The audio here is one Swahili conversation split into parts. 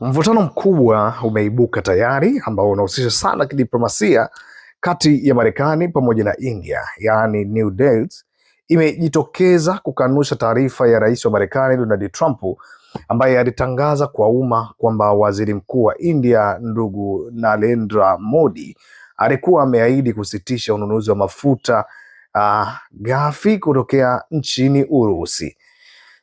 Mvutano mkubwa umeibuka tayari ambao unahusisha sana kidiplomasia kati ya Marekani pamoja na India, yaani New Delhi imejitokeza kukanusha taarifa ya rais wa Marekani Donald Trump ambaye alitangaza kwa umma kwamba waziri mkuu wa India ndugu Narendra Modi alikuwa ameahidi kusitisha ununuzi wa mafuta uh, ghafi kutokea nchini Urusi.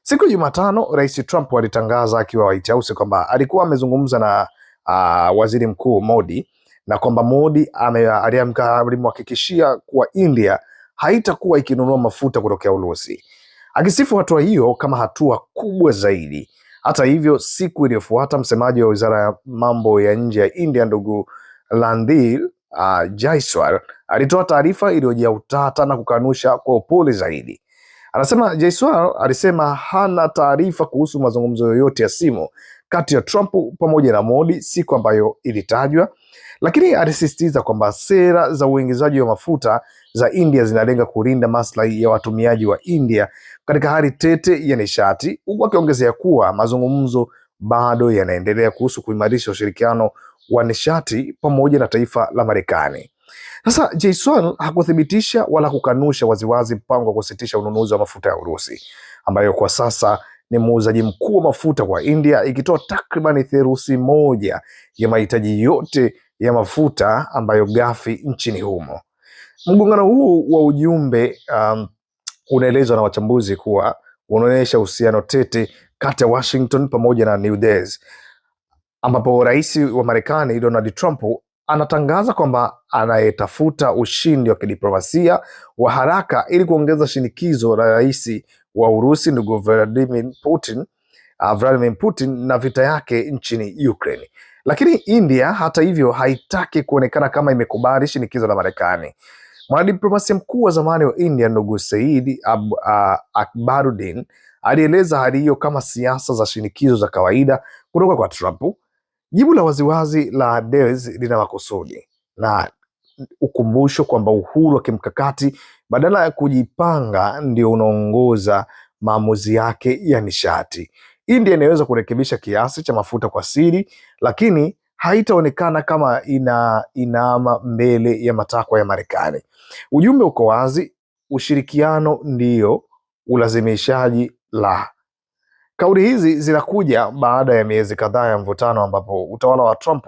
Siku ya Jumatano, Rais Trump alitangaza akiwa White House kwamba alikuwa amezungumza na uh, Waziri Mkuu Modi na kwamba Modi alimhakikishia kuwa India haitakuwa ikinunua mafuta kutokea Urusi, akisifu hatua hiyo kama hatua kubwa zaidi. Hata hivyo, siku iliyofuata msemaji wa wizara ya mambo ya nje ya India ndugu Landil uh, Jaiswal alitoa taarifa iliyojaa utata na kukanusha kwa upole zaidi. Anasema Jaiswal alisema hana taarifa kuhusu mazungumzo yoyote ya simu kati ya Trump pamoja na Modi siku ambayo ilitajwa, lakini alisisitiza kwamba sera za uingizaji wa mafuta za India zinalenga kulinda maslahi ya watumiaji wa India katika hali tete ya nishati, huku akiongezea kuwa mazungumzo bado yanaendelea kuhusu kuimarisha ushirikiano wa nishati pamoja na taifa la Marekani. Sasa Jason hakuthibitisha wala kukanusha waziwazi mpango wa kusitisha ununuzi wa mafuta ya Urusi ambayo kwa sasa ni muuzaji mkuu wa mafuta kwa India ikitoa takribani theluthi moja ya mahitaji yote ya mafuta ambayo ghafi nchini humo. Mgongano huu wa ujumbe um, unaelezwa na wachambuzi kuwa unaonyesha uhusiano tete kati ya Washington pamoja na New Delhi ambapo rais wa Marekani Donald Trump anatangaza kwamba anayetafuta ushindi wa kidiplomasia wa haraka ili kuongeza shinikizo la rais wa Urusi ndugu Vladimir Putin, uh, Vladimir Putin na vita yake nchini Ukraine. Lakini India hata hivyo haitaki kuonekana kama imekubali shinikizo la Marekani. Mwanadiplomasia mkuu wa zamani wa India ndugu Said uh, Akbaruddin alieleza hali hiyo kama siasa za shinikizo za kawaida kutoka kwa Trump Jibu la waziwazi la Des lina makusudi na ukumbusho kwamba uhuru wa kimkakati badala ya kujipanga ndio unaongoza maamuzi yake ya nishati. India inaweza kurekebisha kiasi cha mafuta kwa siri, lakini haitaonekana kama ina mbele ya matakwa ya Marekani. Ujumbe uko wazi: ushirikiano ndio ulazimishaji la Kauli hizi zinakuja baada ya miezi kadhaa ya mvutano ambapo utawala wa Trump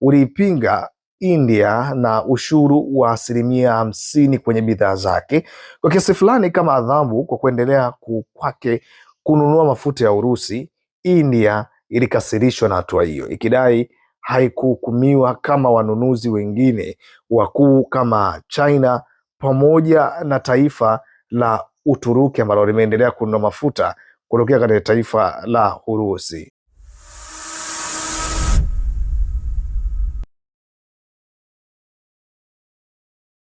uliipinga India na ushuru wa asilimia hamsini kwenye bidhaa zake kwa kiasi fulani kama adhabu kwa kuendelea kwake kununua mafuta ya Urusi. India ilikasirishwa na hatua hiyo ikidai haikuhukumiwa kama wanunuzi wengine wakuu kama China pamoja na taifa la Uturuki ambalo limeendelea kununua mafuta kutokea katika taifa la Urusi.